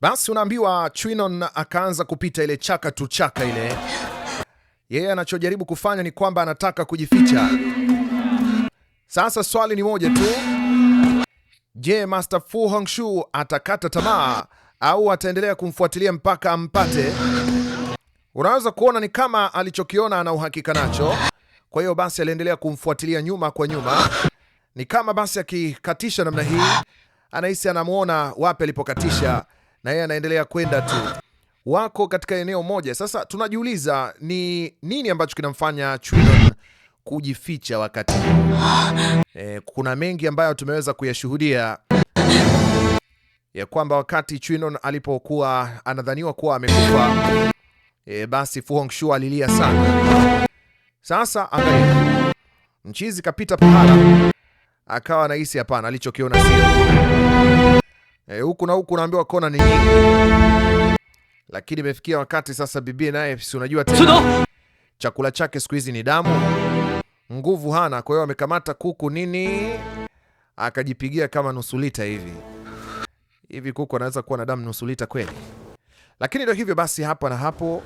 Basi unaambiwa Chinon akaanza kupita ile chaka tu chaka ile. Yeye anachojaribu kufanya ni kwamba anataka kujificha. Sasa swali ni moja tu, je, Master Fu Hongxue atakata tamaa au ataendelea kumfuatilia mpaka ampate? Unaweza kuona ni kama alichokiona ana uhakika nacho, kwa hiyo basi aliendelea kumfuatilia nyuma kwa nyuma, ni kama basi akikatisha namna hii anahisi anamwona wapi alipokatisha na yeye anaendelea kwenda tu, wako katika eneo moja. Sasa tunajiuliza ni nini ambacho kinamfanya Chulon kujificha wakati e, kuna mengi ambayo tumeweza kuyashuhudia ya kwamba wakati Chulon alipokuwa anadhaniwa kuwa amekufa e, basi Fu Hongxue alilia sana. Sasa angalia, mchizi kapita pahala, akawa anahisi hapana, alichokiona sio Eh, huku na huku unaambiwa kona ni nyingi, lakini imefikia wakati sasa bibi naye si unajua tena chakula chake siku hizi ni damu, nguvu hana. Kwa hiyo amekamata kuku nini, akajipigia kama nusu lita hivi hivi. Kuku anaweza kuwa na damu nusu lita kweli? Lakini ndio hivyo basi, hapa na hapo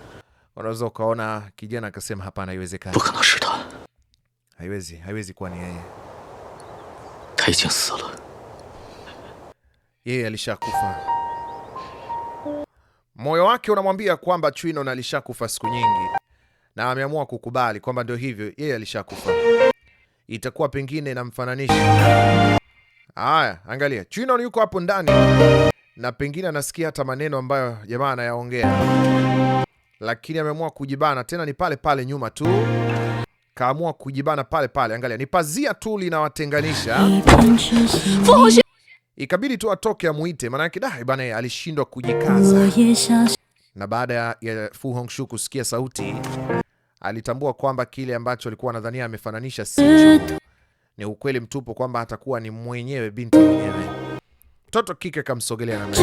unaweza ukaona kijana akasema, hapana, haiwezekani, haiwezi, haiwezi kuwa ni yeye yeye alishakufa. Moyo wake unamwambia kwamba Chwino alishakufa siku nyingi, na ameamua kukubali kwamba ndio hivyo, yeye alishakufa. Itakuwa pengine namfananisha Haya, angalia Chwino yuko hapo ndani, na pengine anasikia hata maneno ambayo jamaa anayaongea, lakini ameamua kujibana. Tena ni pale pale nyuma tu kaamua kujibana pale pale. Angalia, ni pazia tu linawatenganisha ikabidi tu atoke amuite, maanake da bana alishindwa kujikaza. Na baada ya Fu Hongxue kusikia sauti, alitambua kwamba kile ambacho alikuwa anadhania amefananisha si ni ukweli mtupu, kwamba atakuwa ni mwenyewe binti mwenyewe. Mtoto kike kamsogelea na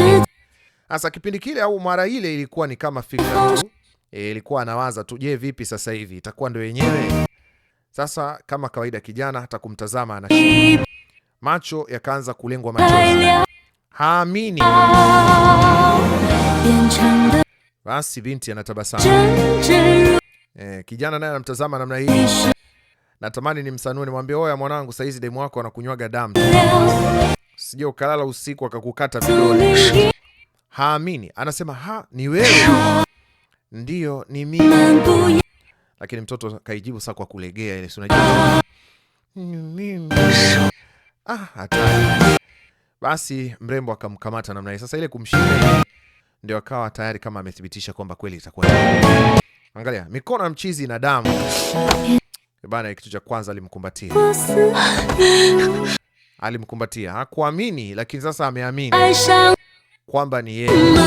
sasa, kipindi kile au mara ile ilikuwa ni kama fikra tu e, ilikuwa anawaza tu, je, vipi sasa hivi itakuwa ndio yenyewe? Sasa kama kawaida, kijana hata kumtazama anashindwa macho yakaanza kulengwa machozi. Haamini. Basi binti anatabasamu. Eh, kijana naye anamtazama namna hii. Natamani nimsanue nimwambie, oya mwanangu, saizi demu wako anakunywaga damu, sije ukalala usiku akakukata vidole. Haamini, anasema ha, ni wewe? Ndiyo, ni mimi. Lakini mtoto kaijibu saa kwa kulegea ile, si unajua mimi Ah, hatari. Basi mrembo akamkamata namna hii. Sasa ile kumshika ndio akawa tayari kama amethibitisha kwamba kweli itakuwa. Angalia, mikono ya mchizi na damu. Bana, kitu cha kwanza alimkumbatia. Alimkumbatia. Hakuamini lakini sasa ameamini kwamba ni yeye.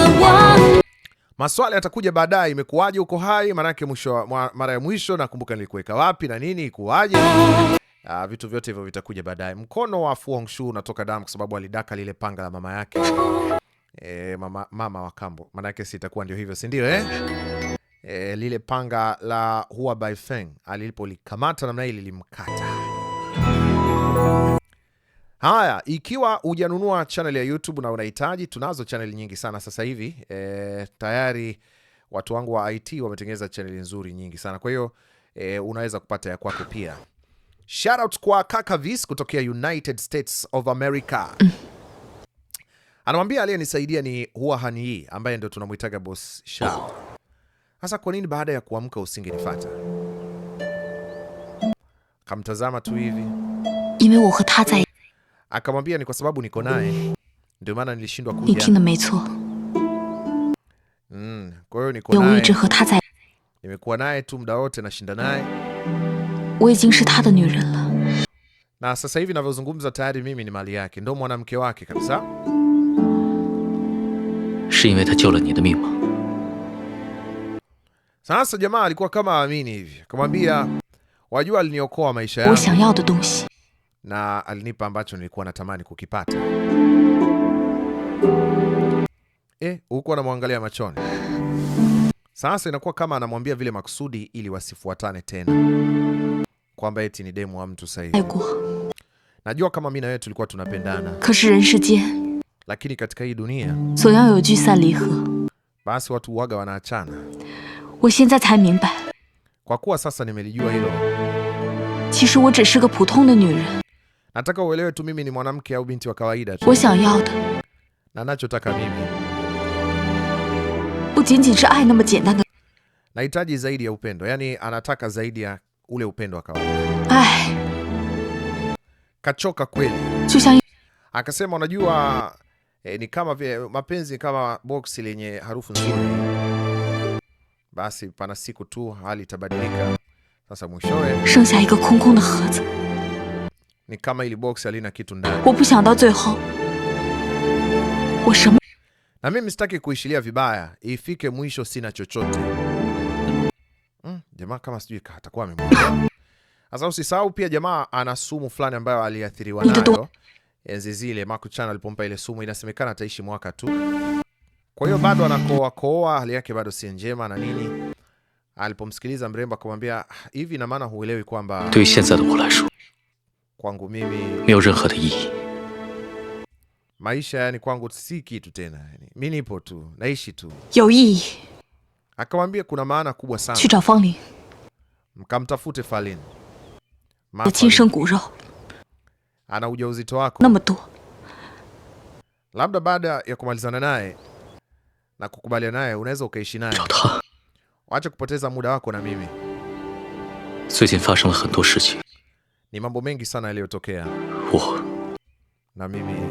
Maswali atakuja baadaye, imekuwaje uko hai? Maanake mwisho mara ya mwisho nakumbuka nilikuweka wapi na nini, ikuwaje? Uh, vitu vyote hivyo vitakuja baadaye. Mkono wa Fu Hongxue unatoka damu kwa sababu alidaka lile panga la mama yake. E, mama, mama wa kambo. Maana yake si itakuwa ndio hivyo, si ndio eh? E, lile panga la Hua Baifeng alipolikamata namna hii lilimkata. Haya, ikiwa hujanunua channel ya YouTube na unahitaji, tunazo channel nyingi sana sasa hivi. E, tayari watu wangu wa IT wametengeneza channel nzuri nyingi sana. Kwa hiyo e, unaweza kupata ya kwako pia. Shoutout kwa Kakavis kutokea United States of America. Anamwambia aliyenisaidia ni huwa hani ambaye ndo tunamwitaga bos Sha. hasa kwa nini baada ya kuamka usingenifata Kamtazama tu hivi. Akamwambia ni kwa sababu niko naye. Ndio maana nilishindwa kuja. Mm, kwa hiyo niko naye. Nimekuwa naye tu muda wote nashinda naye. 我已经是他的女人了。Na tayari mimi ni mali yake, ndo mwanamke wake jamaa kama aamini wajua, aliniokoa alinipa ambacho nilikuwa natamani kukipata. Eh, anamwangalia machoni. Sasa inakuwa kama anamwambia vile makusudi ili wasifuatane tena kwamba eti ni demu wa mtu sahihi. Najua kama mimi na wewe tulikuwa tunapendana, lakini katika hii dunia basi watu waga wanaachana. Kwa kuwa sasa nimelijua hilo, nataka uelewe tu mimi ni mwanamke au binti wa kawaida tu, na nachotaka mimi nahitaji zaidi ya upendo. Yani anataka zaidi ya ule upendo wa kawaida. Kachoka kweli, akasema unajua, e, ni kama vile mapenzi kama boksi lenye harufu nzuri, basi pana siku tu hali itabadilika. Sasa mwishowe ni kama ili boksi halina kitu ndani, na mimi sitaki kuishilia vibaya, ifike mwisho sina chochote Mm, jamaa kama sijui atakuwa amemwona. Sasa usisahau pia jamaa ana sumu fulani ambayo aliathiriwa nayo. Enzi zile Marco Chan alipompa ile sumu inasemekana ataishi mwaka tu. Kwa hiyo bado anakoa koa, hali yake bado si njema na nini. Alipomsikiliza mrembo akamwambia, hivi na maana huelewi kwamba kwangu mimi maisha yani kwangu si kitu tena. yani Mimi nipo tu, naishi tu. Yo, Akamwambia kuna maana kubwa sana. Mkamtafute Falin. Ana ujauzito wako. Labda baada ya kumalizana naye na kukubaliana naye unaweza ukaishi naye. Wacha kupoteza muda wako na mimi. Ni mambo mengi sana yaliyotokea. Na mimi.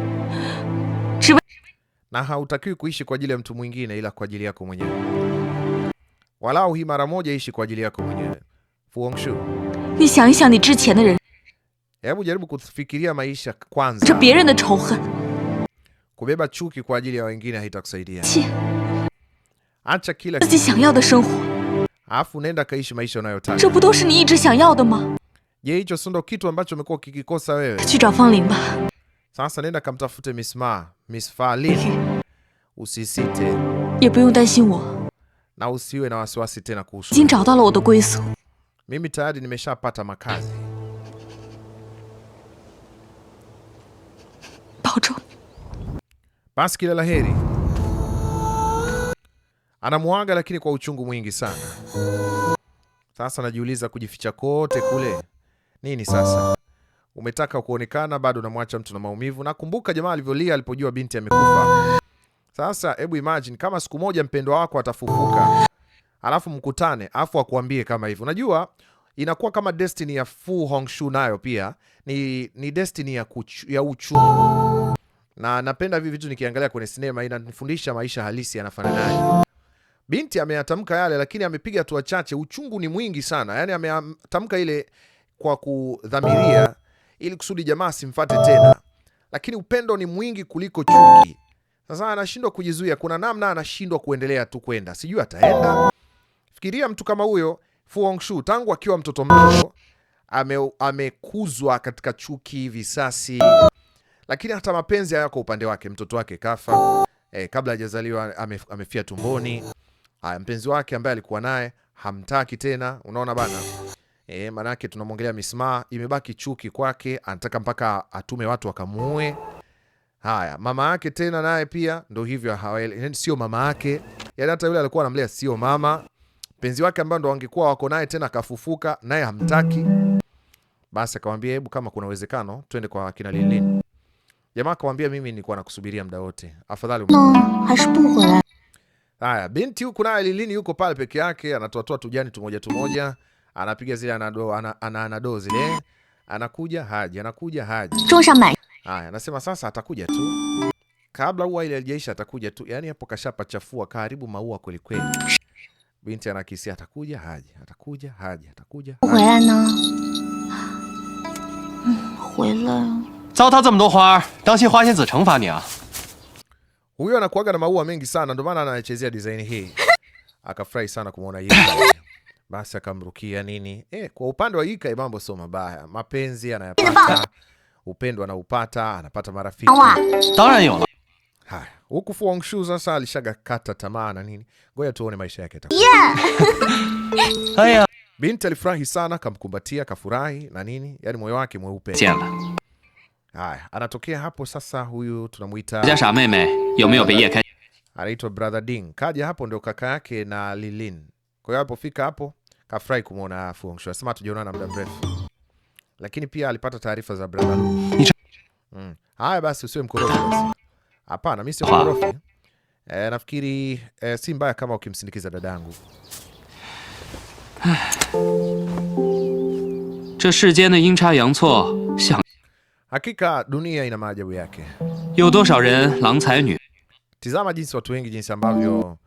na hautakiwi kuishi kwa ajili ya mtu mwingine ila kwa ajili yako mwenyewe. Walau hii mara moja ishi kwa ajili yako mwenyewe. Fu Hongxue. Ni xiang xiang ni zhiqian de ren. Hebu jaribu kufikiria maisha kwanza. Zhe bie ren de chouhen. Kubeba chuki kwa ajili ya wengine haitakusaidia. Acha kila kitu. Zi xiang yao de shenhu. Afu nenda kaishi maisha unayotaka. Zhe bu dou shi ni yi zhi xiang yao de ma? Je, hicho sio ndo kitu ambacho umekuwa kikikosa wewe? Qi zhao Fang Ling ba. Sasa nenda kamtafute Miss Ma, Miss Falin. Usisite. Na usiwe na wasiwasi tena kuhusu. Mimi tayari nimeshapata makazi. Basi kila la heri. Anamuaga lakini kwa uchungu mwingi sana. Sasa najiuliza kujificha kote kule. Nini sasa? umetaka kuonekana, bado unamwacha mtu na maumivu. Nakumbuka jamaa alivyolia alipojua binti amekufa. Sasa hebu imagine kama siku moja mpendwa wako atafufuka, alafu mkutane, afu akuambie kama hivyo. Unajua inakuwa kama destiny ya Fu Hongxue, nayo pia ni, ni destiny ya, kuchu, ya uchungu. Na napenda hivi vitu nikiangalia kwenye sinema, inanifundisha maisha halisi yanafananaje. Binti ameyatamka yale, lakini amepiga hatua chache. Uchungu ni mwingi sana, yani ametamka ile kwa kudhamiria ili kusudi jamaa asimfate tena, lakini upendo ni mwingi kuliko chuki. Sasa anashindwa kujizuia, kuna namna anashindwa kuendelea tu kwenda, sijui ataenda. Fikiria mtu kama huyo Fu Hongxue, tangu akiwa mtoto mdogo amekuzwa ame katika chuki, visasi, lakini hata mapenzi hayako upande wake. Mtoto wake kafa e, kabla hajazaliwa ame, amefia tumboni. Haya, mpenzi wake ambaye alikuwa naye hamtaki tena, unaona bana. E, manake tunamwongelea mismaa, imebaki chuki kwake, anataka mpaka atume watu wakamuue. Haya, mama yake tena naye pia ndo hivyo, sio mama yake, yani hata yule alikuwa anamlea sio mama. Mpenzi wake ambaye ndo wangekuwa wako naye tena akafufuka, naye hamtaki. Basi akamwambia hebu, kama kuna uwezekano twende kwa kina Lilin. Jamaa akamwambia mimi nilikuwa nakusubiria muda wote, afadhali haya. Binti huku naye Lilin yuko pale peke yake, anatoatoa tujani tumoja tumoja anapiga zile anado, ana, ana, anado zile anakuja Haji, anakuja Haji. Haya, anasema sasa atakuja tu, kabla ua ile haijaisha, atakuja tu. Yani hapo kashapa chafua karibu maua kweli kweli. Binti anakisia atakuja Haji, atakuja Haji, atakuja huyo anakuaga na maua mengi sana, ndio maana anachezea design hii. Akafurahi sana kumwona yeye basi akamrukia nini. eh, kwa upande wa Ikai mambo sio mabaya, mapenzi anayapata, upendo anaupata, anapata marafiki. Haya, huku Fu Hongxue sasa alishakata tamaa na nini, ngoja tuone maisha yake itakuwa. Haya, binti alifurahi sana, akamkumbatia, kafurahi na nini, yani moyo wake mweupe. Haya, anatokea hapo sasa, huyu tunamuita anaitwa Brother Ding, kaja hapo ndio kaka yake na Lilin. Kwa hiyo alipofika hapo Kafurahi kumwona Fu Hongxue, asema tujaonana muda mrefu, lakini pia alipata taarifa za brother Lu. Mm. Haya basi, usiwe mkorofi basi. Hapana, mimi sio ah. mkorofi. E, nafikiri e, si mbaya kama ukimsindikiza dadangu. Hakika dunia ina maajabu yake. Tizama jinsi watu wengi jinsi ambavyo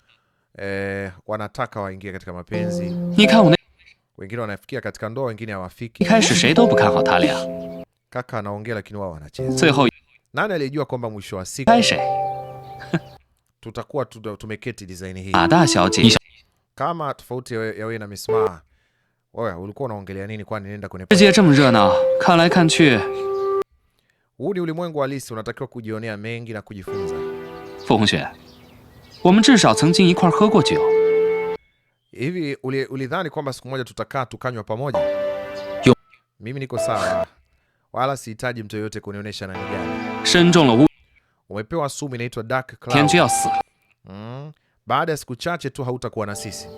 eh, wanataka waingie katika mapenzi. Wengine wanafikia katika ndoa, wengine hawafiki. Kaka anaongea lakini wao wanacheza. Nani alijua kwamba mwisho wa siku tutakuwa tumeketi design hii. Ah, Kama tofauti ya wewe na Misma. Wewe ulikuwa unaongelea nini kwani nenda kwenye huu ni ulimwengu halisi, unatakiwa kujionea mengi na kujifunza. 我们至少曾经一块喝过酒。Hivi ulidhani kwamba siku moja tutakaa tukanywa pamoja? Mimi niko sawa, wala sihitaji mtu yoyote kunionyesha nani gani. Umepewa sumu inaitwa Dark Cloud. Mm, baada ya siku chache tu hautakuwa na sisi,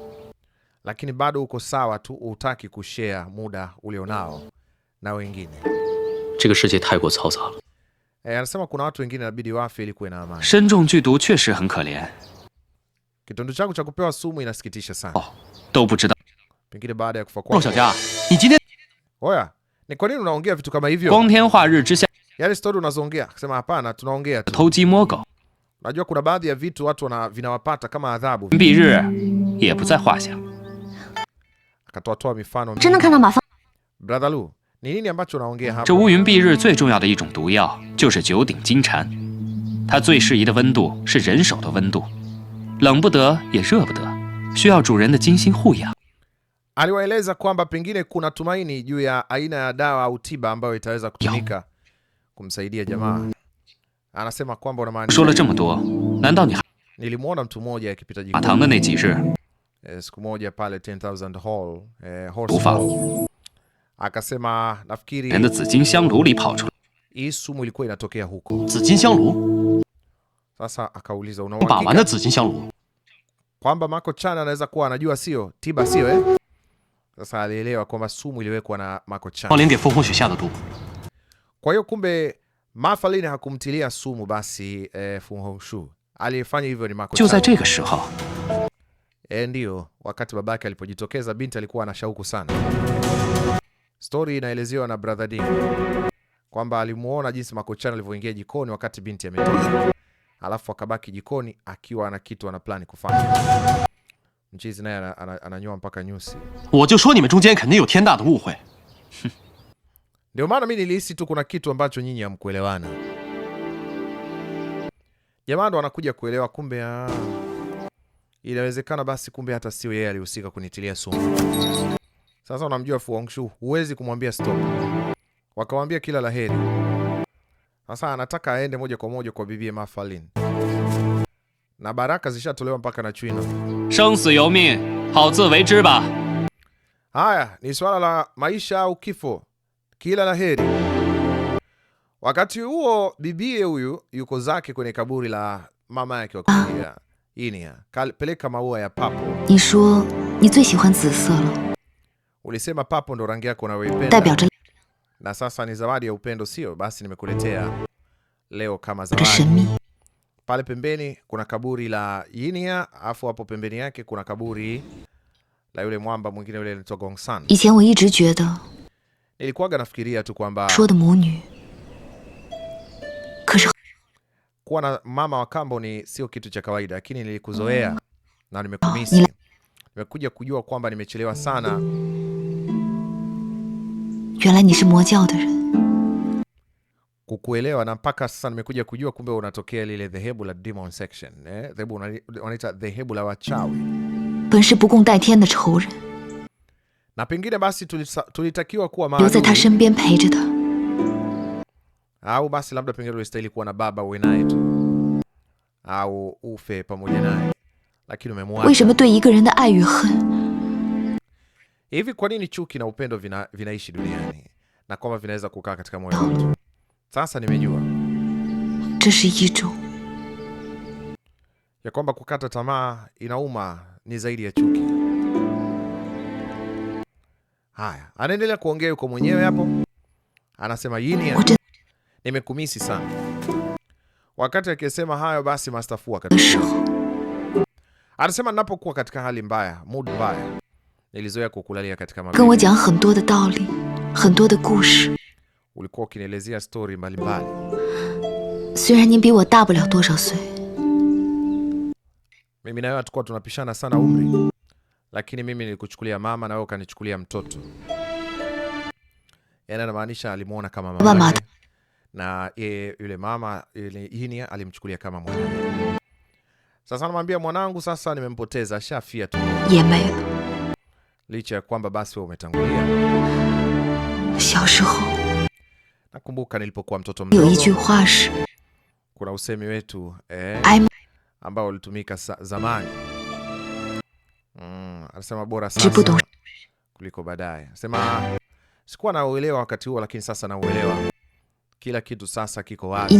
lakini bado uko sawa tu, hutaki kushare muda ulionao na wengine. Anasema kuna watu wengine inabidi wafe ili kuwe na amani. 我都不知道。陆小佳，你今天……哦呀，你在哪里？我光天化日之下，偷鸡摸狗，乌云蔽日也不在话下。真的看到马放。这乌云蔽日最重要的一种毒药，就是九鼎金蟾，它最适宜的温度是人手的温度。冷不得也热不得，需要主人的精心护养。Aliwaeleza kwamba pengine kuna tumaini juu ya aina ya dawa au tiba ambayo itaweza kutumika kumsaidia jamaa. Anasema kwamba una maana. Nilimwona mtu mmoja akipita jikoni. Siku moja pale 10000 Hall, eh, Horse Hall. Akasema nafikiri. Isumu ilikuwa inatokea huko. Sasa akauliza una uhakika kwamba Mako Chan anaweza kuwa anajua, sio tiba, sio eh? Sasa alielewa kwamba sumu iliwekwa na Mako Chan. Kwa hiyo kumbe Ma Fangling hakumtilia sumu basi eh, Fu Hongxue aliyefanya hivyo ni Mako Chan. Eh, ndio wakati babake alipojitokeza, binti alikuwa na shauku sana. Story inaelezewa na brother Ding kwamba alimuona jinsi Mako Chan alivyoingia jikoni wakati binti ametoka alafu akabaki jikoni akiwa ana kitu ana plani kufanya. Mchizi naye ananyoa mpaka nyusi. Ndio maana mi nilihisi tu kuna kitu ambacho nyinyi hamkuelewana. Jamaa ndo anakuja kuelewa, kumbe ah, inawezekana basi, kumbe hata sio yeye alihusika kunitilia sumu. Sasa unamjua Fu Hongxue, huwezi kumwambia stop, wakawambia kila la heri sasa anataka aende moja kwa moja kwa Bibi Ma Fangling, na baraka zishatolewa mpaka na China. Shengsi you min hao zi wei zhi ba. Haya ni swala la maisha au kifo, kila la heri. Wakati huo bibie huyu yuko zake kwenye kaburi la mama yake wakilia ini, peleka maua ya papo. Ni shuo ni zui xihuan zise lo, ulisema papo ndo rangi yako unayoipenda na sasa ni zawadi ya upendo, sio? Basi nimekuletea leo kama zawadi. Pale pembeni kuna kaburi la Yinia, afu hapo pembeni yake kuna kaburi la yule mwamba mwingine yule anaitwa Gongsan. Nilikuwaga nafikiria tu kwamba kuwa na mama wa kambo ni sio kitu cha kawaida, lakini nilikuzoea mm. na nimekumisi. Ah, Nimekuja kujua kwamba nimechelewa sana 原来你是魔教的人。Kukuelewa na mpaka sasa nimekuja kujua kumbe unatokea lile dhehebu la demon section, eh? wanaita dhehebu la wachawi. pengine basi tulitakiwa kuwa maadui. shenbian de. Au basi labda pengine tulistahili kuwa na baba uwe naye tu. Au ufe pamoja naye. Lakini umemwacha. dui ren de ai yu hen hivi kwa nini chuki na upendo vina, vinaishi duniani na kwamba vinaweza kukaa katika moyo wa mtu? Sasa nimejua ya kwamba kukata tamaa inauma ni zaidi ya chuki. Haya, anaendelea kuongea yuko mwenyewe hapo, anasema yini, nimekumisi sana. Wakati akisema hayo, basi Master Fu anasema, ninapokuwa katika hali mbaya, mood mbaya Nilizoea ukinielezea mbalimbali. Mimi na wewe hatukuwa tunapishana sana umri. Lakini mimi nilikuchukulia mama na wewe ukanichukulia mtoto. Yaani anamaanisha alimuona kama mama. Mama. Na yule mama yule hini alimchukulia kama mwanae. Sasa anamwambia mwanangu, sasa nimempoteza, ashafia tu. Yemei licha ya kwamba basi wewe umetangulia. Nakumbuka nilipokuwa mtoto mdogo, kuna usemi wetu eh, ambao ulitumika zamani mm, anasema bora sasa kuliko baadaye. Anasema sikuwa na uelewa wakati huo, lakini sasa na uelewa. Kila kitu sasa kiko wazi.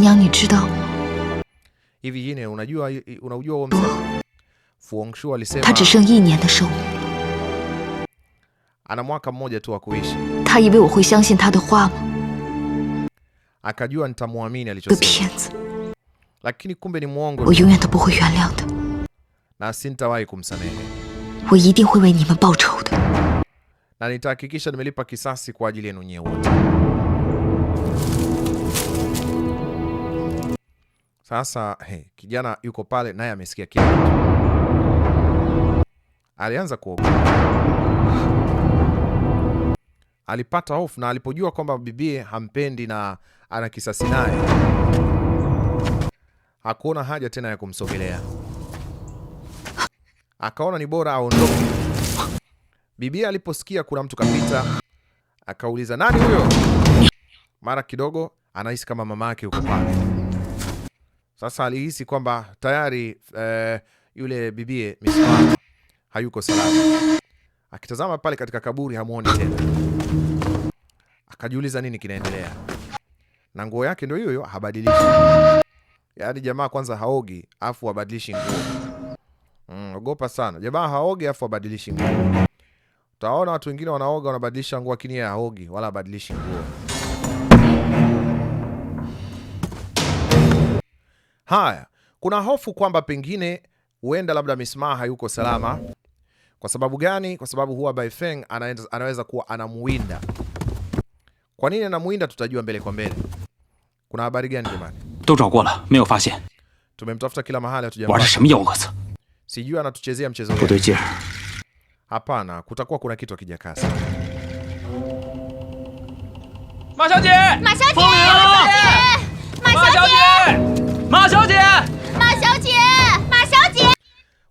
Hivi yine unajua, unaujua huo msemo oh. Fu Hongxue alisema ana mwaka mmoja tu wa kuishi. ta iwe wo akajua nitamwamini alichosema, lakini kumbe ni mwongo. wo yongyan de bu hui na sintawahi kumsamehe. hui de, na nitahakikisha nimelipa kisasi kwa ajili yenu nyewe wote. Sasa hey, kijana yuko pale naye amesikia kitu, alianza kuogopa alipata hofu na alipojua kwamba bibie hampendi na ana kisasi naye, hakuona haja tena ya kumsogelea, akaona ni bora aondoke. Bibie aliposikia kuna mtu kapita, akauliza nani huyo? Mara kidogo anahisi kama mama yake yuko pale. Sasa alihisi kwamba tayari eh, yule bibie hayuko salama. Akitazama pale katika kaburi hamuoni tena. Akajiuliza nini kinaendelea, na nguo yake ndio hiyo habadilishi. Yaani jamaa kwanza haogi afu abadilishi nguo. Mm, ogopa sana jamaa, haogi afu abadilishi nguo. Utaona watu wengine wanaoga wanabadilisha nguo, lakini yeye haogi wala abadilishi nguo. Haya, kuna hofu kwamba pengine huenda labda mismaa hayuko salama. Kwa sababu gani? Kwa sababu huwa Baifeng anaweza, anaweza kuwa anamuinda Kwa nini anamuwinda? Tutajua mbele kwa mbele. Kuna habari gani jamani? Tumemtafuta kila mahali hatujampata. Sijui anatuchezea mchezo gani. Hapana, kutakuwa kuna kitu akijakasa.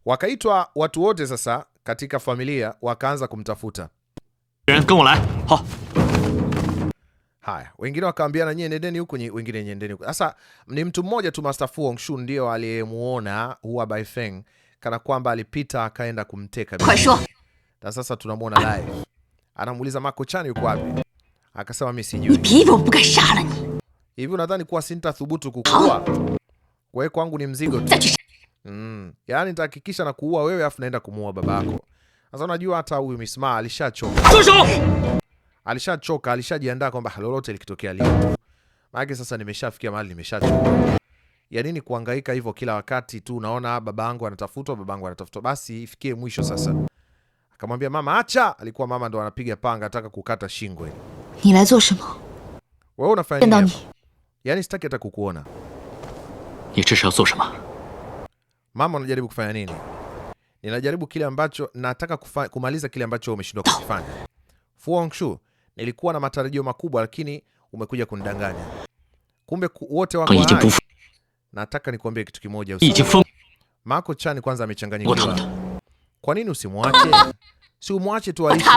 Wakaitwa watu wote sasa katika familia wakaanza kumtafuta. Haya, wengine wakaambia na nyie nendeni huku, wengine nendeni huku. Sasa ni mtu mmoja tu Master Fu Hongxue ndio aliyemuona Hua Baifeng kana kwamba alipita akaenda kumteka. Na sasa tunamuona live. Anamuuliza Ma Kongqun yuko wapi? Akasema mimi sijui. Hivi unadhani kuwa sintathubutu kukua? Wewe kwangu ni mzigo tu. Mm. Yaani nitahakikisha na kuua wewe afu naenda kumuua babako. Sasa unajua hata huyu Misma alishachoka. Alishachoka, alishajiandaa kwamba lolote likitokea leo. Maana sasa nimeshafikia mahali nimeshachoka. Ya nini kuhangaika hivyo kila wakati tu unaona babangu anatafutwa, babangu anatafutwa, basi ifikie mwisho sasa. Akamwambia mama acha, alikuwa mama ndo anapiga panga anataka kukata shingo. ile. Ni lazo shimo. Wewe unafanya nini? Yaani sitaki hata kukuona. Ni shimo. Mama, unajaribu kufanya nini? Ninajaribu kile ambacho nataka kufa, kumaliza kile ambacho umeshindwa kukifanya. Fu Hongxue, nilikuwa na matarajio makubwa lakini umekuja kunidanganya. Kumbe wote wako hai. Nataka nikuambie kitu kimoja usiku. Mako Chan kwanza amechanganyikiwa. Kwa nini usimwache? Si umwache tu aishi.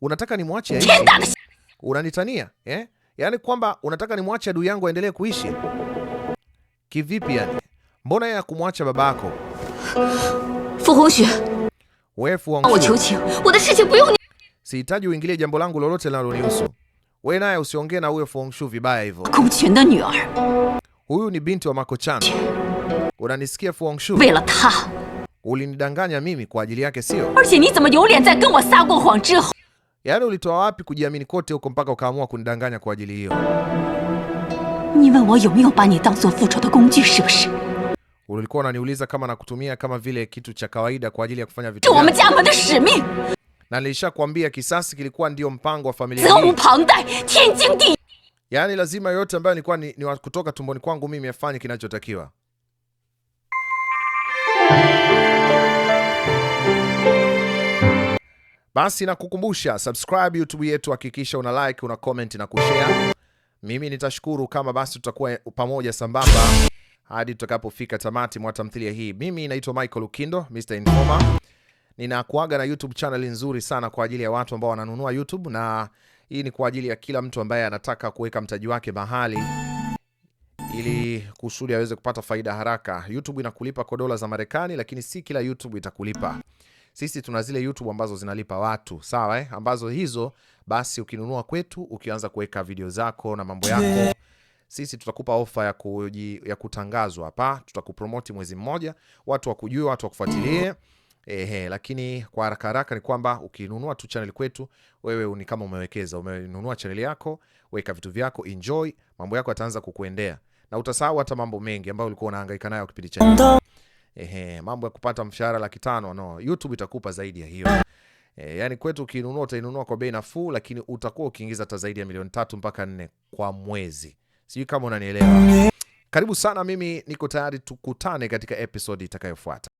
Unataka nimwache aishi? Unanitania, eh? Yaani kwamba unataka nimwache adui yangu aendelee kuishi? Kivipi yani? mbona ya akumwacha babako? we Fu Hongxue, sihitaji uingilie jambo langu lolote linalonihusu. Wewe naye usiongee na huyo Fu Hongxue vibaya hivyo. Huyu ni binti wa Makochana. Unanisikia Fu Hongxue? Ulinidanganya mimi kwa ajili yake, sio? Yaani ulitoa wapi kujiamini kote huko mpaka ukaamua kunidanganya kwa ajili hiyo? ulikuwa unaniuliza kama nakutumia kama vile kitu cha kawaida kwa ajili ya kufanya vitu. Na nilishakwambia kisasi kilikuwa ndio mpango wa familia hii. Yaani lazima yote ambayo nilikuwa ni, ni kutoka tumboni kwangu mimi afanye kinachotakiwa. Basi nakukumbusha subscribe YouTube yetu, hakikisha una like, una comment na kushare. Mimi nitashukuru kama basi tutakuwa pamoja sambamba hadi tutakapofika tamati mwa tamthilia hii. Mimi naitwa Michael Lukindo, Mr Informer. Ninakuaga na YouTube channel nzuri sana kwa ajili ya watu ambao wananunua YouTube, na hii ni kwa ajili ya kila mtu ambaye anataka kuweka mtaji wake mahali ili kusudi aweze kupata faida haraka. YouTube inakulipa kwa dola za Marekani, lakini si kila YouTube itakulipa. Sisi tuna zile YouTube ambazo zinalipa watu, sawa eh? Ambazo hizo basi ukinunua kwetu, ukianza kuweka video zako na mambo yako sisi tutakupa ofa ya, kuji, ya kutangazwa hapa, tutakupromoti mwezi mmoja, watu wakujue, watu wakufuatilie. Ehe, lakini kwa haraka haraka ni kwamba ukinunua tu channel kwetu, wewe ni kama umewekeza, umenunua channel yako, weka vitu vyako, enjoy, mambo yako yataanza kukuendea na utasahau hata mambo mengi ambayo ulikuwa unahangaika nayo kipindi cha ehe, mambo ya kupata mshahara laki tano no, YouTube itakupa zaidi ya hiyo. E, yani kwetu ukinunua utainunua kwa bei nafuu, lakini utakuwa ukiingiza hata zaidi ya milioni tatu mpaka nne kwa mwezi. Sijui kama unanielewa. Karibu sana, mimi niko tayari tukutane katika episodi itakayofuata.